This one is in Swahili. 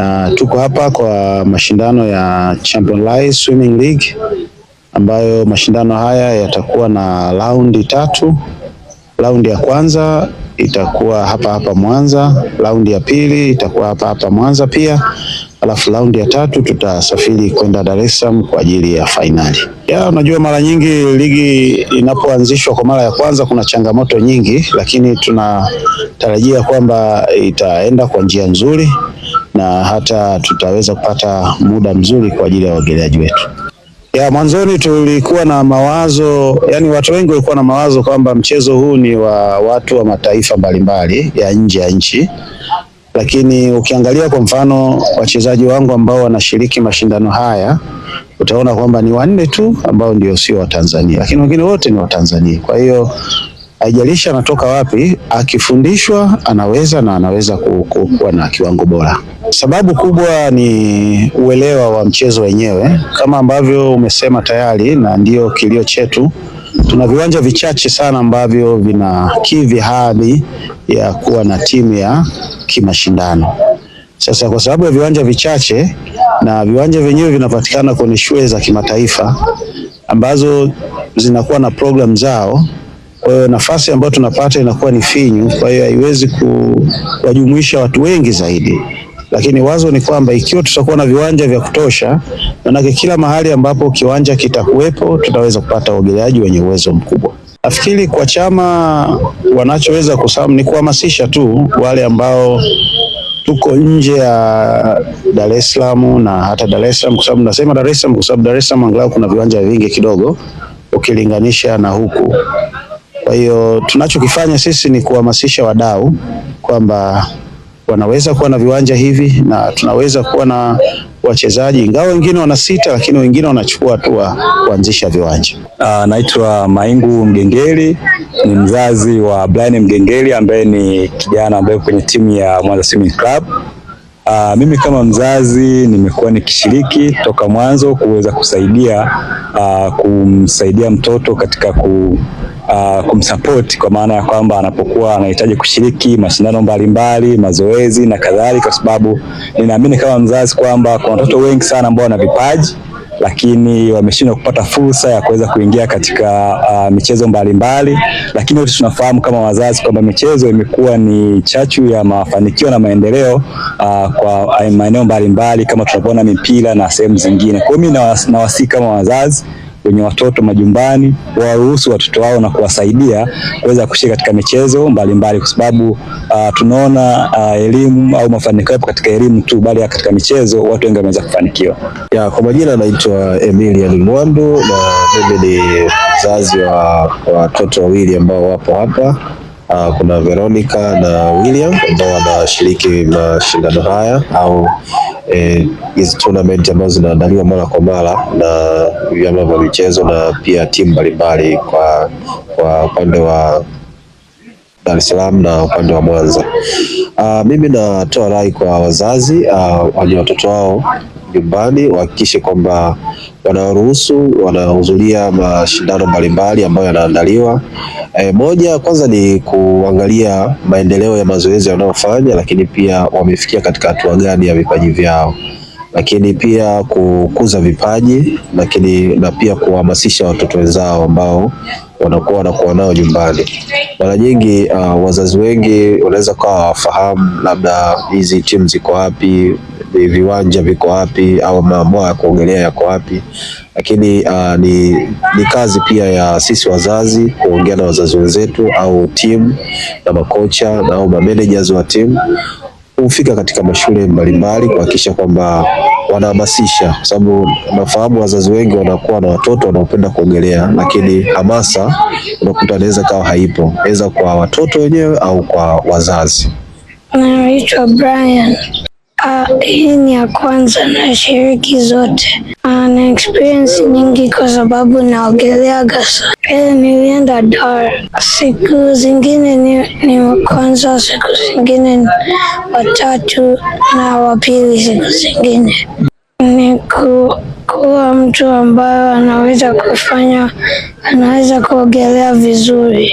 na tuko hapa kwa mashindano ya Champion Lies Swimming League ambayo mashindano haya yatakuwa na raundi tatu. Raundi ya kwanza itakuwa hapa hapa Mwanza, raundi ya pili itakuwa hapa hapa Mwanza pia, alafu raundi ya tatu tutasafiri kwenda Dar es Salaam kwa ajili ya fainali. Ya, unajua mara nyingi ligi inapoanzishwa kwa mara ya kwanza kuna changamoto nyingi, lakini tunatarajia kwamba itaenda kwa njia nzuri na hata tutaweza kupata muda mzuri kwa ajili ya waogeleaji wetu. Ya mwanzoni tulikuwa na mawazo, yani watu wengi walikuwa na mawazo kwamba mchezo huu ni wa watu wa mataifa mbalimbali ya nje ya nchi, lakini ukiangalia kwa mfano wachezaji wangu ambao wanashiriki mashindano haya utaona kwamba ni wanne tu ambao ndio sio Tanzania, lakini wengine wote ni Tanzania. Kwa hiyo haijalishi anatoka wapi, akifundishwa anaweza na anaweza kuwa na kiwango bora. Sababu kubwa ni uelewa wa mchezo wenyewe, kama ambavyo umesema tayari, na ndiyo kilio chetu. Tuna viwanja vichache sana ambavyo vinakidhi hadhi ya kuwa na timu ya kimashindano. Sasa kwa sababu ya viwanja vichache na viwanja vyenyewe vinapatikana kwenye shule za kimataifa ambazo zinakuwa na programu zao, kwa hiyo nafasi ambayo tunapata inakuwa ni finyu, kwa hiyo haiwezi kuwajumuisha watu wengi zaidi lakini wazo ni kwamba ikiwa tutakuwa na viwanja vya kutosha, manake kila mahali ambapo kiwanja kitakuwepo tutaweza kupata waogeleaji wenye uwezo mkubwa. Nafikiri kwa chama wanachoweza kusam ni kuhamasisha tu wale ambao tuko nje ya Dar es Salaam na hata Dar es Salaam, kwa sababu nasema Dar es Salaam kwa sababu Dar es Salaam angalau kuna viwanja vingi kidogo ukilinganisha na huku. Kwa hiyo tunachokifanya sisi ni kuhamasisha wadau kwamba wanaweza kuwa na viwanja hivi na tunaweza kuwa na wachezaji, ingawa wengine wanasita, lakini wengine wanachukua hatua kuanzisha viwanja. Uh, naitwa Maingu Mgengeli, ni mzazi wa Brian Mgengeli ambaye ni kijana ambaye kwenye timu ya Mwanza Swimming Club. Uh, mimi kama mzazi nimekuwa nikishiriki toka mwanzo kuweza kusaidia uh, kumsaidia mtoto katika ku uh, kwa maana ya kwamba anapokuwa anahitaji kushiriki mashindano mbalimbali, mazoezi na kadhalika, kwa sababu ninaamini kama mzazi kwamba kuna watoto wengi sana ambao wana vipaji lakini wameshindwa kupata fursa ya kuweza kuingia katika uh, michezo mbalimbali mbali. Lakini wote tunafahamu kama wazazi kwamba michezo imekuwa ni chachu ya mafanikio na maendeleo uh, kwa maeneo mbalimbali kama tunavyoona mipira na sehemu zingine. Kwa hiyo mimi nawasii kama wazazi wenye watoto majumbani waruhusu watoto wao na kuwasaidia kuweza kushiriki katika michezo mbalimbali, kwa sababu uh, tunaona uh, elimu au mafanikio yapo katika elimu tu, bali katika michezo watu wengi wameweza kufanikiwa. Ya, kwa majina anaitwa Emilian Mwando na mimi ni mzazi wa watoto wawili ambao wapo hapa Uh, kuna Veronica na William ambao wanashiriki mashindano haya au eh, hizi eh, tournament ambazo zinaandaliwa mara kwa mara na vyama vya michezo na pia timu mbalimbali kwa kwa upande wa Dar es Salaam na upande wa Mwanza. Uh, mimi natoa rai kwa wazazi uh, ah, wenye watoto wao nyumbani, wahakikishe kwamba wanaoruhusu wanahudhuria mashindano mbalimbali ambayo yanaandaliwa. E, moja kwanza ni kuangalia maendeleo ya mazoezi wanayofanya, lakini pia wamefikia katika hatua gani ya vipaji vyao, lakini pia kukuza vipaji, lakini na pia kuhamasisha watoto wenzao ambao wanakuwa wanakuwa nao nyumbani. Mara nyingi uh, wazazi wengi wanaweza kuwa hawafahamu labda hizi timu ziko wapi viwanja viko wapi au mabwawa ya kuogelea yako wapi, lakini uh, ni, ni kazi pia ya sisi wazazi kuongea na wazazi wenzetu au timu na makocha na au mamenejas wa timu hufika katika mashule mbalimbali kuhakikisha kwamba wanahamasisha, kwa sababu nafahamu wazazi wengi wanakuwa na watoto wanaopenda kuogelea, lakini hamasa unakuta anaweza kawa haipo, aweza kwa watoto wenyewe au kwa wazazi. Naitwa Brian. Uh, hii ni ya kwanza na shiriki zote uh, na experience nyingi kwa sababu naogeleaga sana. Pia nilienda Dar siku zingine ni, ni wa kwanza, siku zingine watatu na wapili, siku zingine ni ku, kuwa mtu ambayo anaweza kufanya anaweza kuogelea vizuri.